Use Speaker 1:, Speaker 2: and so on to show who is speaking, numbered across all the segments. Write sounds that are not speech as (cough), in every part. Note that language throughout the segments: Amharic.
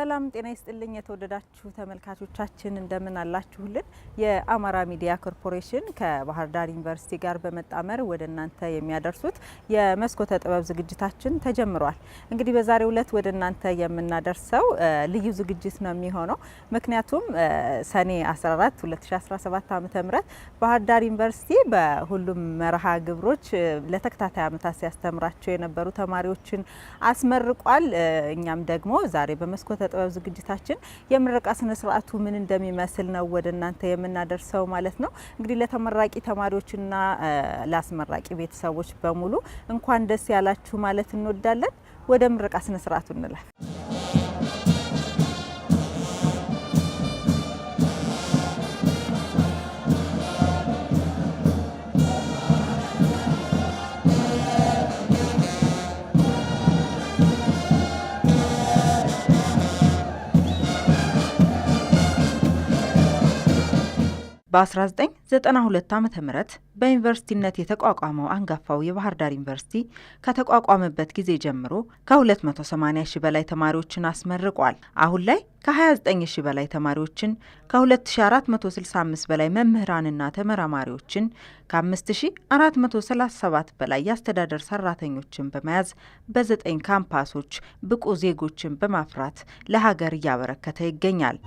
Speaker 1: ሰላም ጤና ይስጥልኝ። የተወደዳችሁ ተመልካቾቻችን እንደምን አላችሁልን? የአማራ ሚዲያ ኮርፖሬሽን ከባህር ዳር ዩኒቨርሲቲ ጋር በመጣመር ወደ እናንተ የሚያደርሱት የመስኮተ ጥበብ ዝግጅታችን ተጀምሯል። እንግዲህ በዛሬው ዕለት ወደ እናንተ የምናደርሰው ልዩ ዝግጅት ነው የሚሆነው። ምክንያቱም ሰኔ 14 2017 ዓ ም ባህር ዳር ዩኒቨርሲቲ በሁሉም መርሃ ግብሮች ለተከታታይ ዓመታት ሲያስተምራቸው የነበሩ ተማሪዎችን አስመርቋል። እኛም ደግሞ ዛሬ በመስኮተ ጥበብ ዝግጅታችን የምረቃ ስነ ስርዓቱ ምን እንደሚመስል ነው ወደ እናንተ የምናደርሰው ማለት ነው። እንግዲህ ለተመራቂ ተማሪዎችና ለአስመራቂ ቤተሰቦች በሙሉ እንኳን ደስ ያላችሁ ማለት እንወዳለን። ወደ ምረቃ ስነ ስርዓቱ እንላል። በ1992 ዓ ም በዩኒቨርሲቲነት የተቋቋመው አንጋፋው የባህር ዳር ዩኒቨርሲቲ ከተቋቋመበት ጊዜ ጀምሮ ከ280 ሺ በላይ ተማሪዎችን አስመርቋል። አሁን ላይ ከ29 ሺ በላይ ተማሪዎችን፣ ከ2465 በላይ መምህራንና ተመራማሪዎችን፣ ከ5437 በላይ የአስተዳደር ሰራተኞችን በመያዝ በዘጠኝ ካምፓሶች ብቁ ዜጎችን በማፍራት ለሀገር እያበረከተ ይገኛል።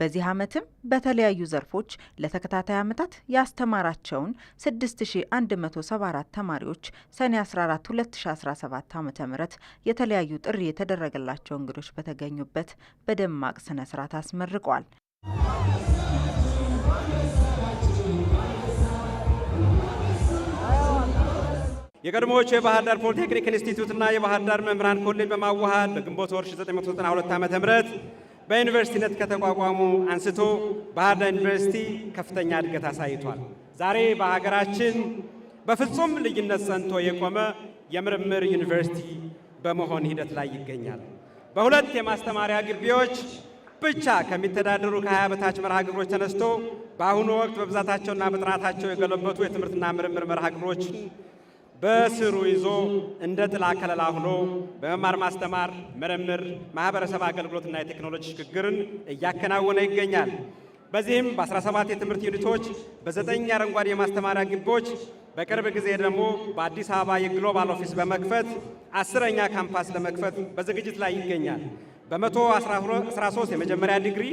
Speaker 1: በዚህ ዓመትም በተለያዩ ዘርፎች ለተከታታይ ዓመታት ያስተማራቸውን 6174 ተማሪዎች ሰኔ 14 2017 ዓ ም የተለያዩ ጥሪ የተደረገላቸው እንግዶች በተገኙበት በደማቅ ስነ ስርዓት አስመርቋል።
Speaker 2: የቀድሞዎቹ የባህር ዳር ፖሊቴክኒክ ኢንስቲትዩትና የባህር ዳር መምህራን ኮሌጅ በማዋሃድ በግንቦት ወር 1992 ዓ ም በዩኒቨርሲቲነት ከተቋቋሙ አንስቶ ባህር ዳር ዩኒቨርሲቲ ከፍተኛ እድገት አሳይቷል። ዛሬ በሀገራችን በፍጹም ልዩነት ጸንቶ የቆመ የምርምር ዩኒቨርሲቲ በመሆን ሂደት ላይ ይገኛል። በሁለት የማስተማሪያ ግቢዎች ብቻ ከሚተዳደሩ ከ20 በታች መርሃ ግብሮች ተነስቶ በአሁኑ ወቅት በብዛታቸውና በጥራታቸው የገለበቱ የትምህርትና ምርምር መርሃ ግብሮችን በስሩ ይዞ እንደ ጥላ ከለላ ሆኖ በመማር ማስተማር፣ ምርምር፣ ማህበረሰብ አገልግሎትና የቴክኖሎጂ ሽግግርን እያከናወነ ይገኛል። በዚህም በ17 የትምህርት ዩኒቶች በዘጠኝ አረንጓዴ የማስተማሪያ ግቢዎች በቅርብ ጊዜ ደግሞ በአዲስ አበባ የግሎባል ኦፊስ በመክፈት አስረኛ ካምፓስ ለመክፈት በዝግጅት ላይ ይገኛል። በ113 የመጀመሪያ ዲግሪ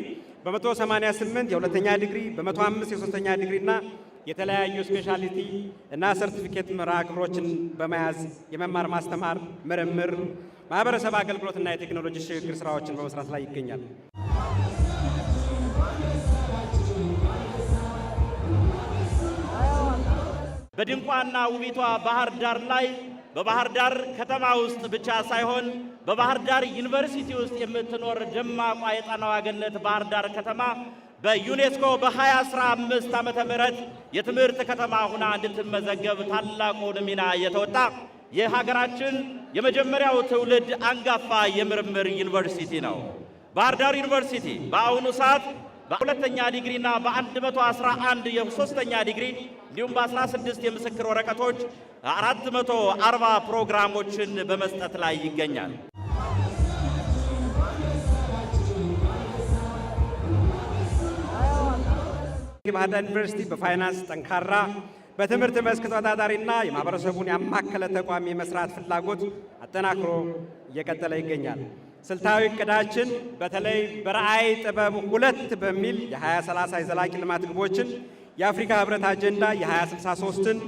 Speaker 2: በመቶ 88 የሁለተኛ ዲግሪ በመቶ 5 የሶስተኛ ዲግሪ እና የተለያዩ ስፔሻሊቲ እና ሰርቲፊኬት መርሃ ግብሮችን በመያዝ የመማር ማስተማር፣ ምርምር፣ ማህበረሰብ አገልግሎትና የቴክኖሎጂ ሽግግር ስራዎችን በመስራት ላይ ይገኛል። በድንቋና ውቢቷ ባህር ዳር ላይ በባህር ዳር ከተማ ውስጥ ብቻ ሳይሆን በባህር ዳር ዩኒቨርሲቲ ውስጥ የምትኖር ደማቋ የጣናዋ ገነት ባህር ዳር ከተማ በዩኔስኮ በ2015 ዓመተ ምህረት የትምህርት ከተማ ሁና እንድትመዘገብ ታላቁን ሚና የተወጣ የሀገራችን የመጀመሪያው ትውልድ አንጋፋ የምርምር ዩኒቨርሲቲ ነው። ባህር ዳር ዩኒቨርሲቲ በአሁኑ ሰዓት በሁለተኛ ዲግሪና በ111 የሶስተኛ ዲግሪ እንዲሁም በ16 የምስክር ወረቀቶች 440 ፕሮግራሞችን በመስጠት ላይ ይገኛል። የባህር ዳር ዩኒቨርሲቲ በፋይናንስ ጠንካራ በትምህርት መስክ ተወዳዳሪና የማህበረሰቡን ያማከለ ተቋም የመስራት ፍላጎት አጠናክሮ እየቀጠለ ይገኛል። ስልታዊ እቅዳችን በተለይ በራዕይ ጥበብ ሁለት በሚል የ2030 የዘላቂ ልማት ግቦችን የአፍሪካ ህብረት አጀንዳ የ2063ን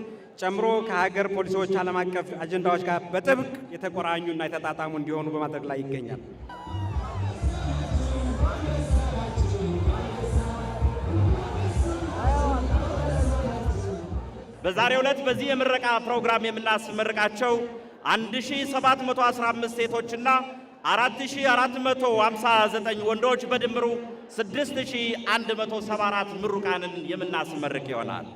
Speaker 2: ጨምሮ ከሀገር ፖሊሲዎች ዓለም አቀፍ አጀንዳዎች ጋር በጥብቅ የተቆራኙና የተጣጣሙ እንዲሆኑ በማድረግ ላይ ይገኛል። በዛሬው ዕለት በዚህ የምረቃ ፕሮግራም የምናስመርቃቸው 1715 ሴቶችና 4459 ወንዶች በድምሩ 6174 ምሩቃንን የምናስመርቅ ይሆናል።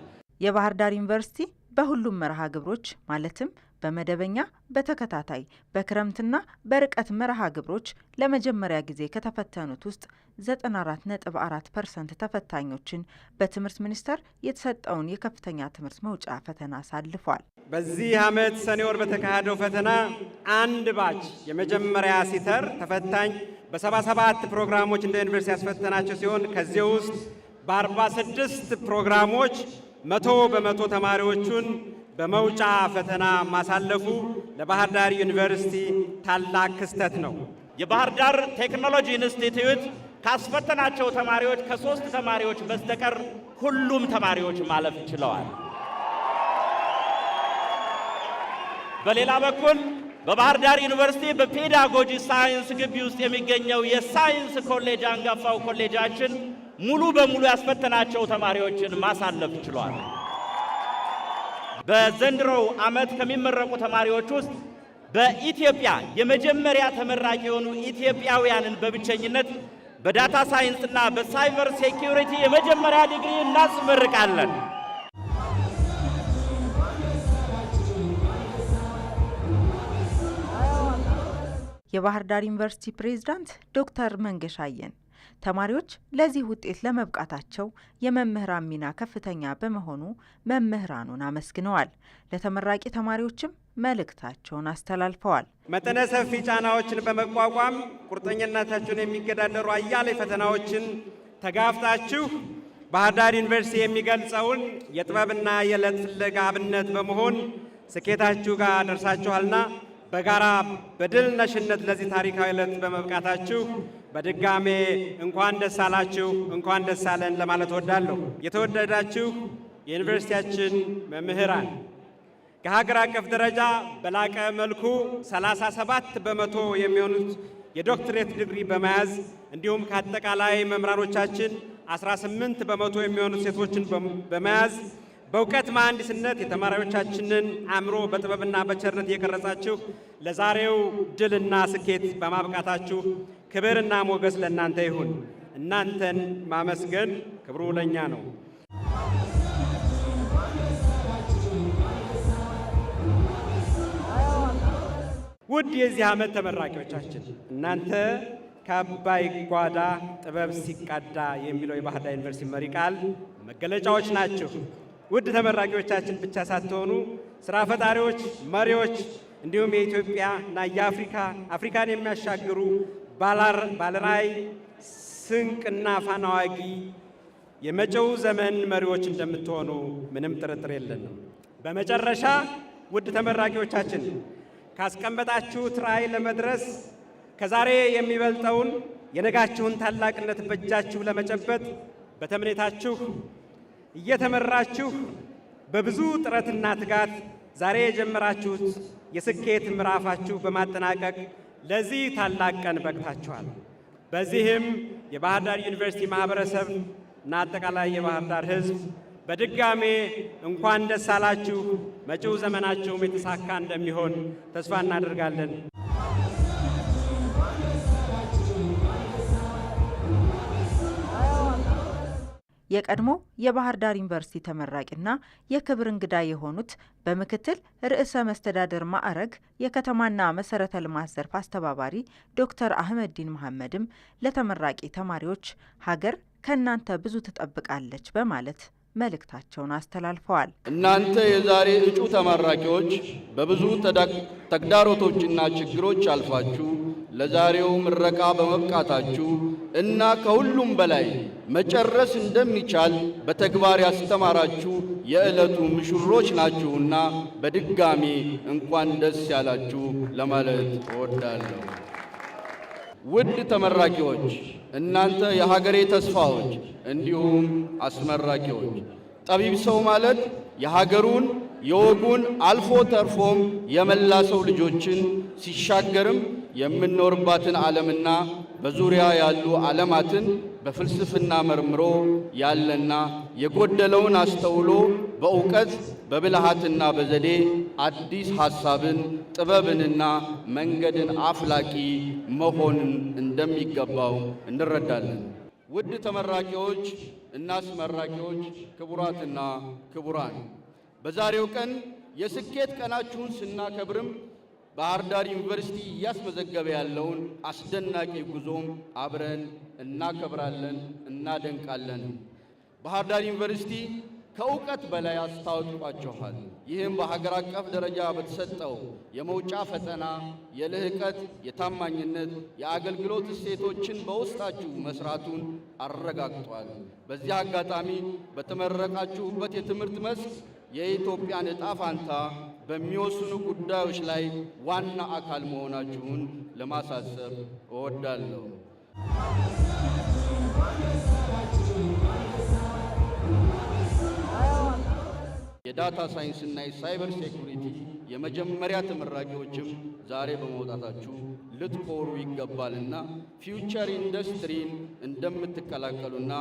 Speaker 1: የባህር ዳር ዩኒቨርሲቲ በሁሉም መርሃ ግብሮች ማለትም በመደበኛ በተከታታይ በክረምትና በርቀት መርሃ ግብሮች ለመጀመሪያ ጊዜ ከተፈተኑት ውስጥ 94.4 ፐርሰንት ተፈታኞችን በትምህርት ሚኒስቴር የተሰጠውን የከፍተኛ ትምህርት መውጫ ፈተና አሳልፏል። በዚህ
Speaker 2: ዓመት ሰኔ ወር በተካሄደው ፈተና አንድ ባች የመጀመሪያ ሲተር ተፈታኝ በ77 ፕሮግራሞች እንደ ዩኒቨርሲቲ ያስፈተናቸው ሲሆን ከዚህ ውስጥ በ46 ፕሮግራሞች መቶ በመቶ ተማሪዎቹን በመውጫ ፈተና ማሳለፉ ለባህር ዳር ዩኒቨርሲቲ ታላቅ ክስተት ነው። የባህር ዳር ቴክኖሎጂ ኢንስቲትዩት ካስፈተናቸው ተማሪዎች ከሶስት ተማሪዎች በስተቀር ሁሉም ተማሪዎች ማለፍ ችለዋል። በሌላ በኩል በባህር ዳር ዩኒቨርሲቲ በፔዳጎጂ ሳይንስ ግቢ ውስጥ የሚገኘው የሳይንስ ኮሌጅ አንጋፋው ኮሌጃችን ሙሉ በሙሉ ያስፈተናቸው ተማሪዎችን ማሳለፍ ችሏል። በዘንድሮው ዓመት ከሚመረቁ ተማሪዎች ውስጥ በኢትዮጵያ የመጀመሪያ ተመራቂ የሆኑ ኢትዮጵያውያንን በብቸኝነት በዳታ ሳይንስ እና በሳይበር ሴኪሪቲ የመጀመሪያ ዲግሪ እናስመርቃለን።
Speaker 1: የባህር ዳር ዩኒቨርሲቲ ፕሬዝዳንት ዶክተር መንገሻየን ተማሪዎች ለዚህ ውጤት ለመብቃታቸው የመምህራን ሚና ከፍተኛ በመሆኑ መምህራኑን አመስግነዋል። ለተመራቂ ተማሪዎችም መልእክታቸውን አስተላልፈዋል።
Speaker 2: መጠነ ሰፊ ጫናዎችን በመቋቋም ቁርጠኝነታችሁን የሚገዳደሩ አያሌ ፈተናዎችን ተጋፍጣችሁ ባህር ዳር ዩኒቨርሲቲ የሚገልጸውን የጥበብና የዕለት ፍለጋ አብነት በመሆን ስኬታችሁ ጋር ደርሳችኋልና በጋራ በድል ነሽነት ለዚህ ታሪካዊ ዕለት በመብቃታችሁ በድጋሜ እንኳን ደስ አላችሁ፣ እንኳን ደስ አለን ለማለት እወዳለሁ። የተወደዳችሁ የዩኒቨርሲቲያችን መምህራን ከሀገር አቀፍ ደረጃ በላቀ መልኩ 37 በመቶ የሚሆኑት የዶክትሬት ዲግሪ በመያዝ እንዲሁም ከአጠቃላይ መምህራኖቻችን 18 በመቶ የሚሆኑት ሴቶችን በመያዝ በእውቀት መሐንዲስነት የተማሪዎቻችንን አእምሮ በጥበብና በቸርነት እየቀረጻችሁ ለዛሬው ድልና ስኬት በማብቃታችሁ ክብርና ሞገስ ለእናንተ ይሁን። እናንተን ማመስገን ክብሩ ለእኛ ነው። ውድ የዚህ ዓመት ተመራቂዎቻችን እናንተ ከአባይ ጓዳ ጥበብ ሲቀዳ የሚለው የባህር ዳር ዩኒቨርሲቲ መሪ ቃል መገለጫዎች ናችሁ። ውድ ተመራቂዎቻችን ብቻ ሳትሆኑ ስራ ፈጣሪዎች፣ መሪዎች እንዲሁም እና የአፍሪካ አፍሪካን የሚያሻግሩ ባለራዕይ ስንቅና ፋና ዋጊ የመጪው ዘመን መሪዎች እንደምትሆኑ ምንም ጥርጥር የለንም። በመጨረሻ ውድ ተመራቂዎቻችን ካስቀመጣችሁት ራዕይ ለመድረስ ከዛሬ የሚበልጠውን የነጋችሁን ታላቅነት በእጃችሁ ለመጨበጥ በተምኔታችሁ እየተመራችሁ በብዙ ጥረትና ትጋት ዛሬ የጀመራችሁት የስኬት ምዕራፋችሁ በማጠናቀቅ ለዚህ ታላቅ ቀን በቅታችኋል። በዚህም የባህር ዳር ዩኒቨርሲቲ ማህበረሰብ እና አጠቃላይ የባህር ዳር ሕዝብ በድጋሜ እንኳን ደስ አላችሁ። መጪው ዘመናችሁም የተሳካ እንደሚሆን ተስፋ እናደርጋለን። የቀድሞ የባህር ዳር ዩኒቨርሲቲ ተመራቂና የክብር እንግዳ የሆኑት በምክትል ርዕሰ መስተዳደር ማዕረግ የከተማና መሰረተ ልማት ዘርፍ አስተባባሪ ዶክተር አህመዲን መሐመድም ለተመራቂ ተማሪዎች ሀገር ከእናንተ ብዙ ትጠብቃለች በማለት መልእክታቸውን አስተላልፈዋል። እናንተ የዛሬ እጩ ተመራቂዎች በብዙ ተግዳሮቶችና ችግሮች አልፋችሁ ለዛሬው ምረቃ በመብቃታችሁ እና ከሁሉም በላይ መጨረስ እንደሚቻል በተግባር ያስተማራችሁ የዕለቱ ምሽሮች ናችሁና በድጋሚ እንኳን ደስ ያላችሁ ለማለት እወዳለሁ። ውድ ተመራቂዎች፣ እናንተ የሀገሬ ተስፋዎች እንዲሁም አስመራቂዎች፣ ጠቢብ ሰው ማለት የሀገሩን የወጉን አልፎ ተርፎም የመላ ሰው ልጆችን ሲሻገርም የምንኖርባትን ዓለምና በዙሪያ ያሉ ዓለማትን በፍልስፍና መርምሮ ያለና የጎደለውን አስተውሎ በእውቀት በብልሃትና በዘዴ አዲስ ሐሳብን ጥበብንና መንገድን አፍላቂ መሆንን እንደሚገባው እንረዳለን። ውድ ተመራቂዎች እና አስመራቂዎች፣ ክቡራትና ክቡራን፣ በዛሬው ቀን የስኬት ቀናችሁን ስናከብርም ባህር ዳር ዩኒቨርሲቲ እያስመዘገበ ያለውን አስደናቂ ጉዞም አብረን እናከብራለን፣ እናደንቃለን። ባህር ዳር ዩኒቨርሲቲ ከእውቀት በላይ አስታውቋቸኋል። ይህም በሀገር አቀፍ ደረጃ በተሰጠው የመውጫ ፈተና የልህቀት፣ የታማኝነት፣ የአገልግሎት እሴቶችን በውስጣችሁ መስራቱን አረጋግጧል። በዚህ አጋጣሚ በተመረቃችሁበት የትምህርት መስክ የኢትዮጵያን ዕጣ ፋንታ በሚወስኑ ጉዳዮች ላይ ዋና አካል መሆናችሁን ለማሳሰብ እወዳለሁ። የዳታ ሳይንስና የሳይበር ሴኩሪቲ የመጀመሪያ ተመራቂዎችም ዛሬ በመውጣታችሁ ልትኮሩ ይገባልና ፊውቸር ኢንዱስትሪን እንደምትቀላቀሉና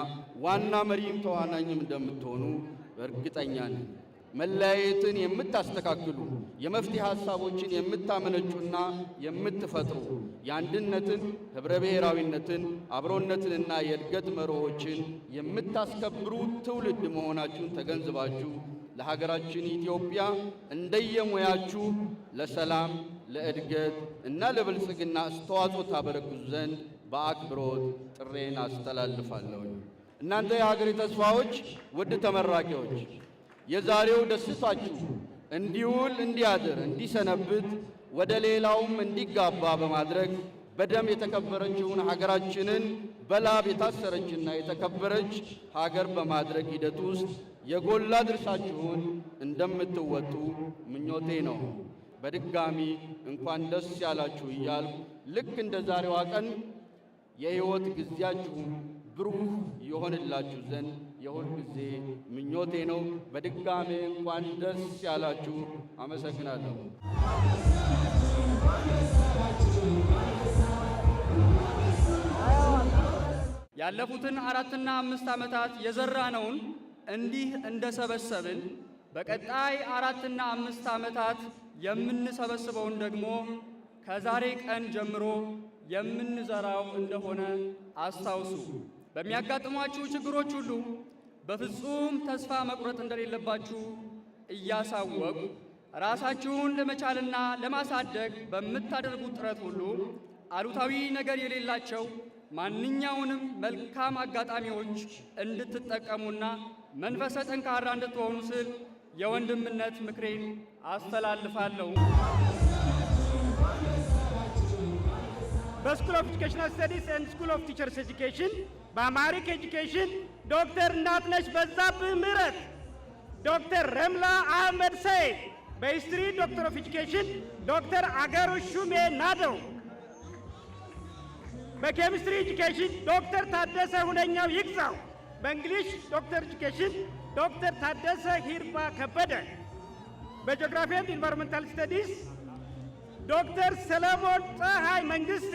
Speaker 2: ዋና መሪም ተዋናኝም እንደምትሆኑ እርግጠኛ ነኝ። መለያየትን የምታስተካክሉ የመፍትሄ ሐሳቦችን የምታመነጩና የምትፈጥሩ የአንድነትን፣ ኅብረ ብሔራዊነትን፣ አብሮነትንና የእድገት መርሆችን የምታስከብሩ ትውልድ መሆናችሁን ተገንዝባችሁ ለሀገራችን ኢትዮጵያ እንደየሙያችሁ ለሰላም፣ ለእድገት እና ለብልጽግና አስተዋጽኦ ታበረክቱ ዘንድ በአክብሮት ጥሬን አስተላልፋለሁ። እናንተ የሀገሬ ተስፋዎች፣ ውድ ተመራቂዎች የዛሬው ደስታችሁ እንዲውል እንዲያድር እንዲሰነብት ወደ ሌላውም እንዲጋባ በማድረግ በደም የተከበረችውን ሀገራችንን በላብ የታሰረችና የተከበረች ሀገር በማድረግ ሂደት ውስጥ የጎላ ድርሻችሁን እንደምትወጡ ምኞቴ ነው። በድጋሚ እንኳን ደስ ያላችሁ እያልኩ ልክ እንደ ዛሬዋ ቀን የሕይወት ጊዜያችሁ ብሩህ የሆንላችሁ ዘንድ የሁል ጊዜ ምኞቴ ነው። በድጋሜ እንኳን ደስ ያላችሁ። አመሰግናለሁ። ያለፉትን አራትና አምስት ዓመታት የዘራነውን እንዲህ እንደሰበሰብን በቀጣይ አራትና አምስት ዓመታት የምንሰበስበውን ደግሞ ከዛሬ ቀን ጀምሮ የምንዘራው እንደሆነ አስታውሱ። በሚያጋጥሟችሁ ችግሮች ሁሉ በፍጹም ተስፋ መቁረጥ እንደሌለባችሁ እያሳወቁ ራሳችሁን ለመቻልና ለማሳደግ በምታደርጉት ጥረት ሁሉ አሉታዊ ነገር የሌላቸው ማንኛውንም መልካም አጋጣሚዎች እንድትጠቀሙና መንፈሰ ጠንካራ እንድትሆኑ ስል የወንድምነት ምክሬን አስተላልፋለሁ። በስኩል ኦፍ ኤጁኬሽናል ስተዲስ ኤንድ ስኩል ኦፍ ቲቸርስ ኤጁኬሽን በአማሪክ ኤጁኬሽን ዶክተር እናትነሽ በዛብህ ምረት ዶክተር ረምላ አህመድ ሰይድ፣ በሂስትሪ ዶክተር ኦፍ ኤጁኬሽን ዶክተር አገሩ ሹሜ ናደው፣ በኬሚስትሪ ኤጁኬሽን ዶክተር ታደሰ ሁነኛው ይግዛው፣ በእንግሊሽ ዶክተር ኤጁኬሽን ዶክተር ታደሰ ሂርባ ከበደ፣ በጂኦግራፊ ኤንድ ኢንቫይሮንመንታል ስተዲስ ዶክተር ሰለሞን ፀሐይ መንግስቴ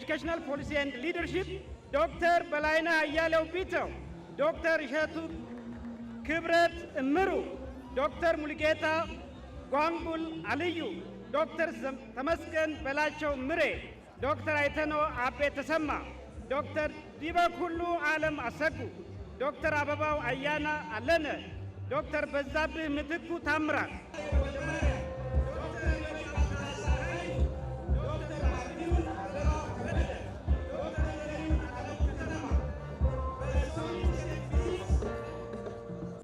Speaker 2: ኤጁኬሽናል ፖሊሲ ኤንድ ሊደርሺፕ ዶክተር በላይነህ አያሌው ቢተው፣ ዶክተር እሸቱ ክብረት እምሩ፣ ዶክተር ሙልጌታ ጓንጉል አልዩ፣ ዶክተር ተመስገን በላቸው ምሬ፣ ዶክተር አይተኖ አቤ ተሰማ፣ ዶክተር ዲበኩሉ አለም አሰጉ፣ ዶክተር አበባው አያና አለነ፣ ዶክተር በዛብህ ምትኩ ታምራት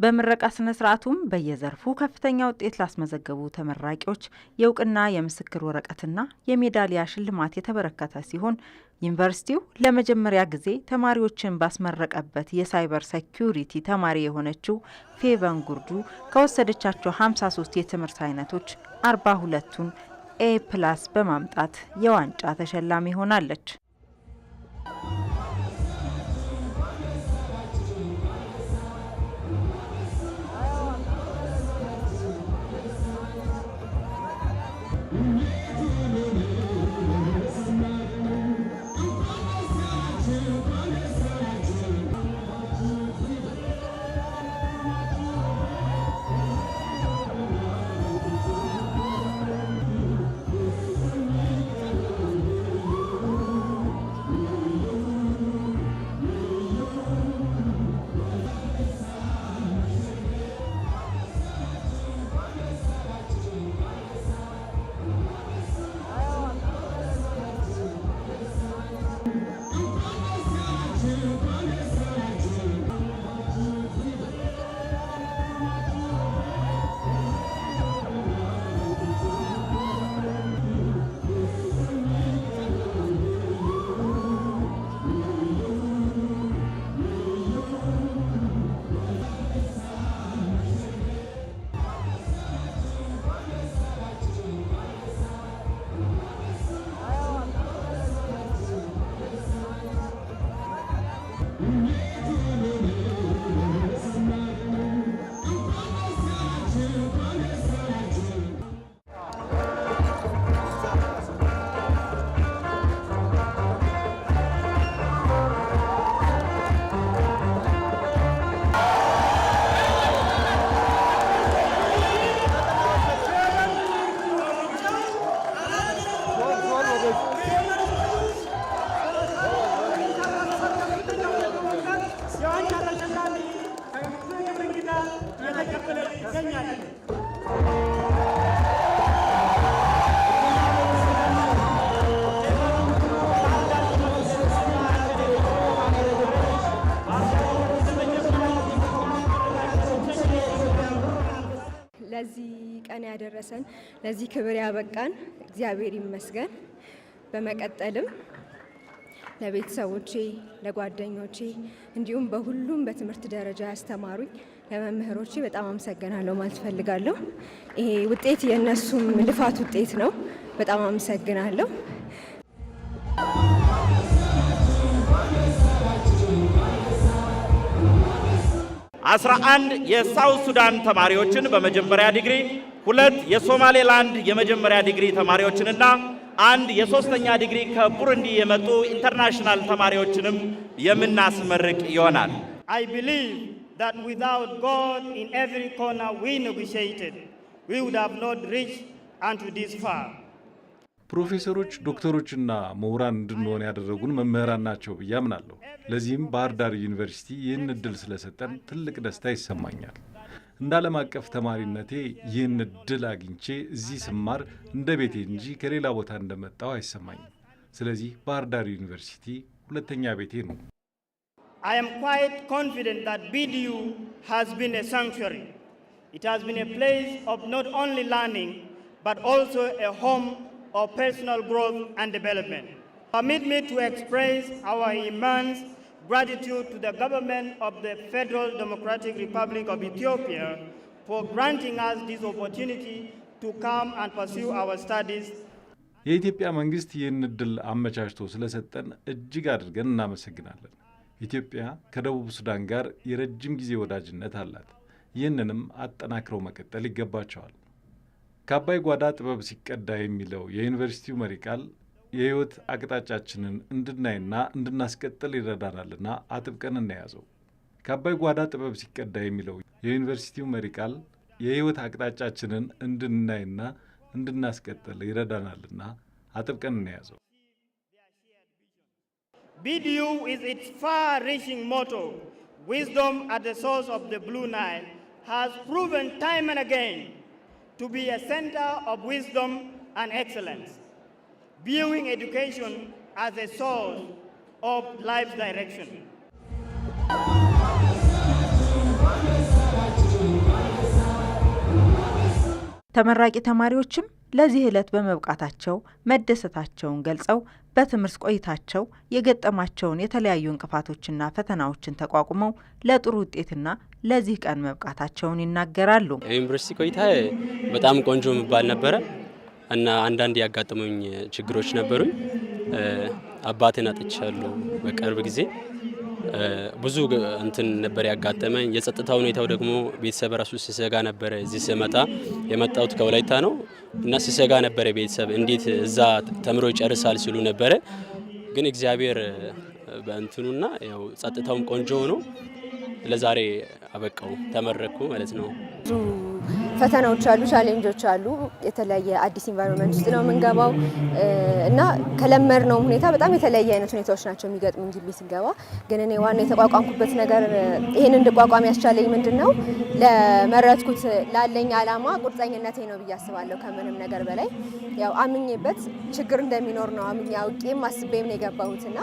Speaker 2: በምረቃ ስነ ስርዓቱም በየዘርፉ ከፍተኛ ውጤት ላስመዘገቡ ተመራቂዎች የእውቅና የምስክር ወረቀትና የሜዳሊያ ሽልማት የተበረከተ ሲሆን ዩኒቨርሲቲው ለመጀመሪያ ጊዜ ተማሪዎችን ባስመረቀበት የሳይበር ሴኪሪቲ ተማሪ የሆነችው ፌቨን ጉርዱ ከወሰደቻቸው 53 የትምህርት አይነቶች 42ቱን ኤ ፕላስ በማምጣት የዋንጫ ተሸላሚ ሆናለች። ለዚህ ክብር ያበቃን እግዚአብሔር ይመስገን። በመቀጠልም ለቤተሰቦቼ፣ ለጓደኞቼ እንዲሁም በሁሉም በትምህርት ደረጃ ያስተማሩኝ ለመምህሮቼ በጣም አመሰግናለሁ ማለት ፈልጋለሁ። ይሄ ውጤት የእነሱም ልፋት ውጤት ነው። በጣም አመሰግናለሁ። አስራ አንድ የሳውዝ ሱዳን ተማሪዎችን በመጀመሪያ ዲግሪ ሁለት የሶማሌላንድ የመጀመሪያ ዲግሪ ተማሪዎችንና አንድ የሶስተኛ ዲግሪ ከቡሩንዲ የመጡ ኢንተርናሽናል ተማሪዎችንም የምናስመርቅ ይሆናል። አይ ቢሊቭ that ዊዛውት ጎድ ኢን ኤቭሪ ኮርነር ዊ negotiated, ዊ ውድ have ኖት ሪች አንቱ ዲስ far. ፕሮፌሰሮች ዶክተሮችና ምሁራን እንድንሆን ያደረጉን መምህራን ናቸው ብዬ አምናለሁ። ለዚህም ባህር ዳር ዩኒቨርሲቲ ይህን እድል ስለሰጠን ትልቅ ደስታ ይሰማኛል። እንደ ዓለም አቀፍ ተማሪነቴ ይህን እድል አግኝቼ እዚህ ስማር እንደ ቤቴ እንጂ ከሌላ ቦታ እንደመጣው አይሰማኝም። ስለዚህ ባህር ዳር ዩኒቨርሲቲ ሁለተኛ ቤቴ ነው። አይ ኳይት ኮንፊደንት ዳት ቢዲዩ ሃዝ ቢን ኤ ሳንክቹሪ ኢት ኦንሊ ላርኒንግ ባት ኦልሶ ሆም ኦፍ ፐርሶናል ግሮውዝ አንድ ዴቨሎፕመንት ፐርሚት ሚ ቱ ኤክስፕሬስ አዋ ኢማንስ gratitude to the government of the Federal Democratic Republic of Ethiopia for granting us this opportunity to come and pursue our studies. የኢትዮጵያ መንግስት ይህን እድል አመቻችቶ ስለሰጠን እጅግ አድርገን እናመሰግናለን። ኢትዮጵያ ከደቡብ ሱዳን ጋር የረጅም ጊዜ ወዳጅነት አላት። ይህንንም አጠናክረው መቀጠል ይገባቸዋል። ከአባይ ጓዳ ጥበብ ሲቀዳ የሚለው የዩኒቨርሲቲው መሪ ቃል የህይወት አቅጣጫችንን እንድናይና እንድናስቀጥል ይረዳናልና አጥብቀን እናያዘው። ከአባይ ጓዳ ጥበብ ሲቀዳ የሚለው የዩኒቨርሲቲው መሪ ቃል የህይወት አቅጣጫችንን እንድናይና እንድናስቀጥል ይረዳናልና አጥብቀን እናያዘው። ቢዲዩ ኢዝ its far-reaching motto, wisdom at the source of the Blue Nile, has proven time and again to be a center of wisdom viewing education as a source of life direction. ተመራቂ ተማሪዎችም ለዚህ ዕለት በመብቃታቸው መደሰታቸውን ገልጸው በትምህርት ቆይታቸው የገጠማቸውን የተለያዩ እንቅፋቶችና ፈተናዎችን ተቋቁመው ለጥሩ ውጤትና ለዚህ ቀን መብቃታቸውን ይናገራሉ። ዩኒቨርሲቲ ቆይታ በጣም ቆንጆ የሚባል ነበረ። እና አንዳንድ ያጋጠሙኝ ችግሮች ነበሩኝ። አባቴን አጥቻለሁ በቅርብ ጊዜ። ብዙ እንትን ነበር ያጋጠመኝ። የጸጥታ ሁኔታው ደግሞ ቤተሰብ ራሱ ሲሰጋ ነበረ። እዚህ ስመጣ የመጣሁት ከወላይታ ነው እና ሲሰጋ ነበረ ቤተሰብ እንዴት እዛ ተምሮ ይጨርሳል ሲሉ ነበረ። ግን እግዚአብሔር በእንትኑና ያው ጸጥታውን ቆንጆ ሆኖ ለዛሬ አበቃው ተመረኩ ማለት ነው። ፈተናዎች አሉ፣ ቻሌንጆች አሉ። የተለያየ አዲስ ኢንቫይሮንመንት ውስጥ ነው የምንገባው እና ከለመድነው ሁኔታ በጣም የተለያየ አይነት ሁኔታዎች ናቸው የሚገጥሙን ግቢ ስንገባ። ግን እኔ ዋና የተቋቋምኩበት ነገር ይህን እንድቋቋም ያስቻለኝ ምንድን ነው ለመረጥኩት ላለኝ አላማ ቁርጠኝነቴ ነው ብዬ አስባለሁ። ከምንም ነገር በላይ ያው አምኜበት ችግር እንደሚኖር ነው አምኜ አውቄም አስቤም ነው የገባሁት እና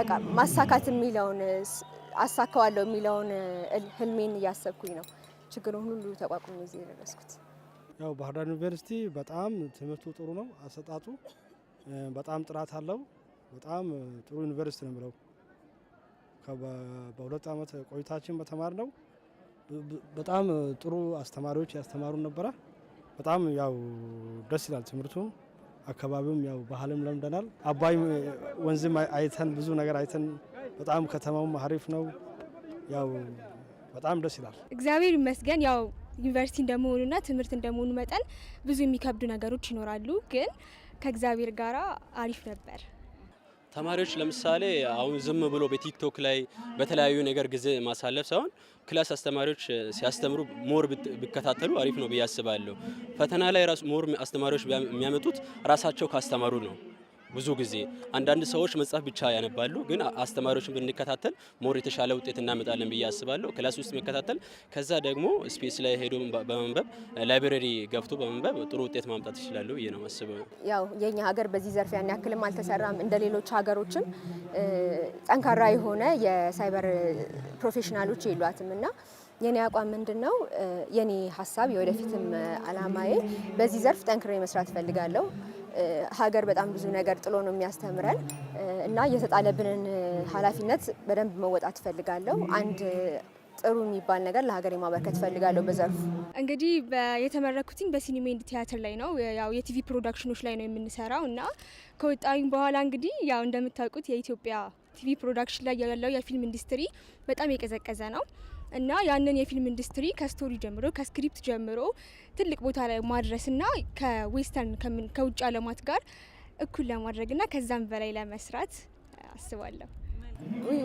Speaker 2: በቃ ማሳካት የሚለውን አሳካዋለሁ የሚለውን ህልሜን እያሰብኩኝ ነው። ችግሩን ሁሉ ተቋቁሞ እዚህ የደረስኩት። ያው ባህር ዳር ዩኒቨርሲቲ በጣም ትምህርቱ ጥሩ ነው። አሰጣጡ በጣም ጥራት አለው። በጣም ጥሩ ዩኒቨርሲቲ ነው ብለው በሁለት ዓመት ቆይታችን በተማር ነው በጣም ጥሩ አስተማሪዎች ያስተማሩ ነበረ። በጣም ያው ደስ ይላል ትምህርቱ። አካባቢውም ያው ባህልም ለምደናል። አባይ ወንዝም አይተን ብዙ ነገር አይተን በጣም ከተማውም አሪፍ ነው ያው በጣም ደስ ይላል። እግዚአብሔር ይመስገን። ያው ዩኒቨርሲቲ እንደመሆኑና ትምህርት እንደመሆኑ መጠን ብዙ የሚከብዱ ነገሮች ይኖራሉ፣ ግን ከእግዚአብሔር ጋር አሪፍ ነበር። ተማሪዎች ለምሳሌ አሁን ዝም ብሎ በቲክቶክ ላይ በተለያዩ ነገር ጊዜ ማሳለፍ ሳይሆን ክላስ አስተማሪዎች ሲያስተምሩ ሞር ቢከታተሉ አሪፍ ነው ብዬ አስባለሁ። ፈተና ላይ ሞር አስተማሪዎች የሚያመጡት ራሳቸው ካስተማሩ ነው። ብዙ ጊዜ አንዳንድ ሰዎች መጽሐፍ ብቻ ያነባሉ፣ ግን አስተማሪዎችን ብንከታተል ሞር የተሻለ ውጤት እናመጣለን ብዬ አስባለሁ። ክላስ ውስጥ መከታተል፣ ከዛ ደግሞ ስፔስ ላይ ሄዶ በመንበብ ላይብረሪ ገብቶ በመንበብ ጥሩ ውጤት ማምጣት ይችላሉ ብዬ ነው አስበው። ያው የኛ ሀገር በዚህ ዘርፍ ያን ያክልም አልተሰራም። እንደ ሌሎች ሀገሮችም ጠንካራ የሆነ የሳይበር ፕሮፌሽናሎች የሏትም እና የኔ አቋም ምንድን ነው? የኔ ሀሳብ የወደፊትም አላማዬ በዚህ ዘርፍ ጠንክሬ መስራት እፈልጋለሁ። ሀገር በጣም ብዙ ነገር ጥሎ ነው የሚያስተምረን እና እየተጣለብንን ኃላፊነት በደንብ መወጣት እፈልጋለሁ። አንድ ጥሩ የሚባል ነገር ለሀገር የማበርከት እፈልጋለሁ። በዘርፉ እንግዲህ የተመረኩትኝ በሲኒማ ኤንድ ቲያትር ላይ ነው። ያው የቲቪ ፕሮዳክሽኖች ላይ ነው የምንሰራው እና ከወጣኝ በኋላ እንግዲህ ያው እንደምታውቁት የኢትዮጵያ ቲቪ ፕሮዳክሽን ላይ ያለው የፊልም ኢንዱስትሪ በጣም የቀዘቀዘ ነው። እና ያንን የፊልም ኢንዱስትሪ ከስቶሪ ጀምሮ ከስክሪፕት ጀምሮ ትልቅ ቦታ ላይ ማድረስና ከዌስተርን ከውጭ አለማት ጋር እኩል ለማድረግና ከዛም በላይ ለመስራት አስባለሁ።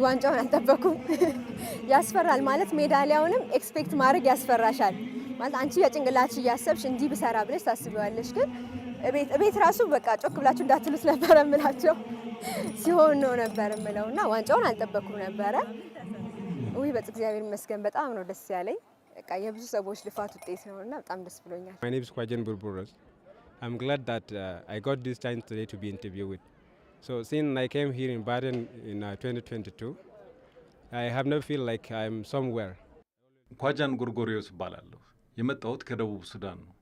Speaker 2: ዋንጫውን አልጠበኩም። (laughs) ያስፈራል ማለት ሜዳሊያውንም ኤክስፔክት ማድረግ ያስፈራሻል ማለት አንቺ የጭንቅላች እያሰብሽ እንዲህ ብሰራ ብለሽ ታስቢዋለሽ። ግን እቤት ራሱ በቃ ጮክ ብላችሁ እንዳትሉት ነበረ ምላቸው (laughs) ሲሆን ነው ነበር ምለው እና ዋንጫውን አልጠበኩም ነበረ ውይ በጽ እግዚአብሔር ይመስገን በጣም ነው ደስ ያለኝ። በቃ የብዙ ሰዎች ልፋት ውጤት ነው እና በጣም ደስ ብሎኛል። ማይ ኔም ኢዝ ኳጀን ቡርቡረስ I'm glad that uh, I got this chance ቱ to be interviewed with. So since I came here in Baden in uh, 2022, I have never feel like I'm somewhere. ኳጃን ጎርጎሪዮስ እባላለሁ። የመጣሁት ከደቡብ ሱዳን ነው።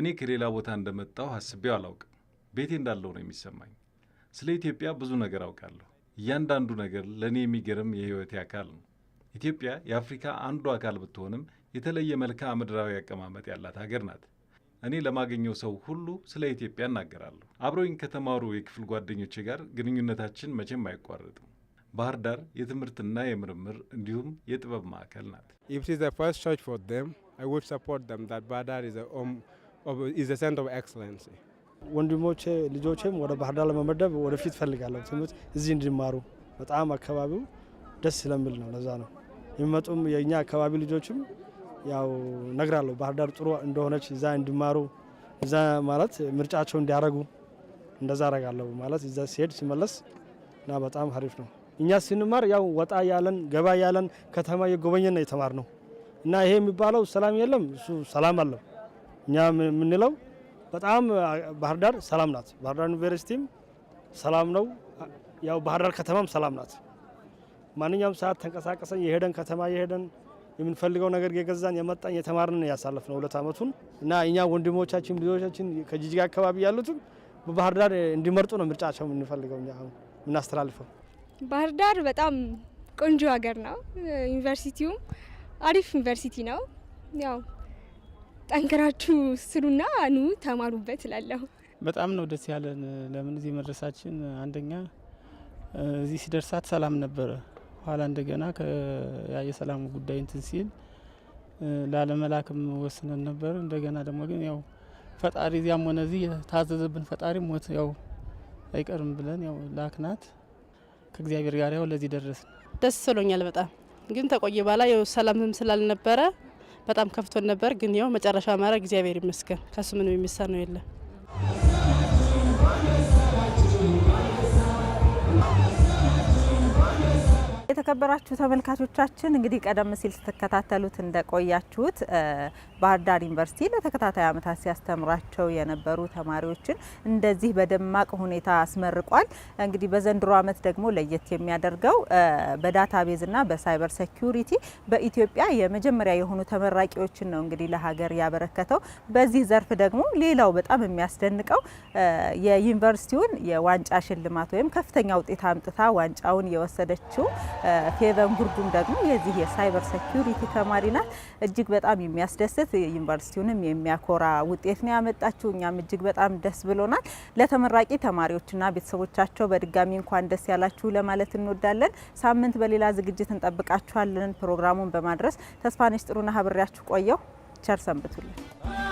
Speaker 2: እኔ ከሌላ ቦታ እንደመጣሁ አስቤው አላውቅም። ቤቴ እንዳለው ነው የሚሰማኝ። ስለ ኢትዮጵያ ብዙ ነገር አውቃለሁ። እያንዳንዱ ነገር ለእኔ የሚገርም የህይወቴ አካል ነው። ኢትዮጵያ የአፍሪካ አንዱ አካል ብትሆንም የተለየ መልክዓ ምድራዊ አቀማመጥ ያላት ሀገር ናት። እኔ ለማገኘው ሰው ሁሉ ስለ ኢትዮጵያ እናገራለሁ። አብረውኝ ከተማሩ የክፍል ጓደኞቼ ጋር ግንኙነታችን መቼም አይቋረጥም። ባህር ዳር የትምህርትና የምርምር እንዲሁም የጥበብ ማዕከል ናት። ወንድሞቼ ልጆቼም ወደ ባህር ዳር ለመመደብ ወደፊት ፈልጋለሁ። ትምህርት እዚህ እንዲማሩ በጣም አካባቢው ደስ ስለሚል ነው። ለዛ ነው የሚመጡም የእኛ አካባቢ ልጆችም ያው ነግራለሁ ባህር ዳር ጥሩ እንደሆነች እዛ እንዲማሩ እዛ ማለት ምርጫቸው እንዲያደርጉ እንደዛ አረጋለሁ ማለት እዛ ሲሄድ ሲመለስ እና በጣም ሀሪፍ ነው። እኛ ስንማር ያው ወጣ ያለን ገባ ያለን ከተማ የጎበኘን ነው የተማር ነው እና ይሄ የሚባለው ሰላም የለም እሱ ሰላም አለው። እኛ የምንለው በጣም ባህር ዳር ሰላም ናት። ባህር ዳር ዩኒቨርሲቲም ሰላም ነው። ያው ባህር ዳር ከተማም ሰላም ናት። ማንኛውም ሰዓት ተንቀሳቀሰን የሄደን ከተማ የሄደን የምንፈልገው ነገር የገዛን የመጣን የተማርን ያሳለፍ ነው ሁለት አመቱን እና እኛ ወንድሞቻችን ልጆቻችን ከጂጂጋ አካባቢ ያሉትም በባህር ዳር እንዲመርጡ ነው ምርጫቸው የምንፈልገው የምናስተላልፈው። ባህር ዳር በጣም ቆንጆ ሀገር ነው። ዩኒቨርሲቲውም አሪፍ ዩኒቨርሲቲ ነው። ያው ጠንክራችሁ ስሩና ኑ ተማሩበት እላለሁ። በጣም ነው ደስ ያለን ለምን እዚህ መድረሳችን። አንደኛ እዚህ ሲደርሳት ሰላም ነበረ ኋላ እንደገና የሰላሙ ጉዳይ እንትን ሲል ላለመላክም ወስነን ነበር። እንደገና ደግሞ ግን ያው ፈጣሪ እዚያም ሆነ እዚህ የታዘዘብን ፈጣሪ ሞት ያው አይቀርም ብለን ያው ላክናት። ከእግዚአብሔር ጋር ያው ለዚህ ደረስን። ደስ ብሎኛል በጣም ግን ተቆየ በኋላ ያው ሰላምም ስላልነበረ በጣም ከፍቶን ነበር። ግን ያው መጨረሻ ማረ እግዚአብሔር ይመስገን። ከሱ ምንም የሚሳ ነው የለም። የተከበራችሁ ተመልካቾቻችን እንግዲህ ቀደም ሲል ስትከታተሉት እንደቆያችሁት ባህር ዳር ዩኒቨርሲቲ ለተከታታይ ዓመታት ሲያስተምራቸው የነበሩ ተማሪዎችን እንደዚህ በደማቅ ሁኔታ አስመርቋል። እንግዲህ በዘንድሮ ዓመት ደግሞ ለየት የሚያደርገው በዳታቤዝና በሳይበር ሴኩሪቲ በኢትዮጵያ የመጀመሪያ የሆኑ ተመራቂዎችን ነው እንግዲህ ለሀገር ያበረከተው። በዚህ ዘርፍ ደግሞ ሌላው በጣም የሚያስደንቀው የዩኒቨርሲቲውን የዋንጫ ሽልማት ወይም ከፍተኛ ውጤት አምጥታ ዋንጫውን የወሰደችው ፌቨን ጉርዱም ደግሞ የዚህ የሳይበር ሴኩሪቲ ተማሪ ናት። እጅግ በጣም የሚያስደስት ዩኒቨርሲቲውንም የሚያኮራ ውጤት ነው ያመጣችው። እኛም እጅግ በጣም ደስ ብሎናል። ለተመራቂ ተማሪዎችና ቤተሰቦቻቸው በድጋሚ እንኳን ደስ ያላችሁ ለማለት እንወዳለን። ሳምንት በሌላ ዝግጅት እንጠብቃችኋለን። ፕሮግራሙን በማድረስ ተስፋነሽ ጥሩና ሀብሬያችሁ ቆየው። ቸር ሰንብቱልን።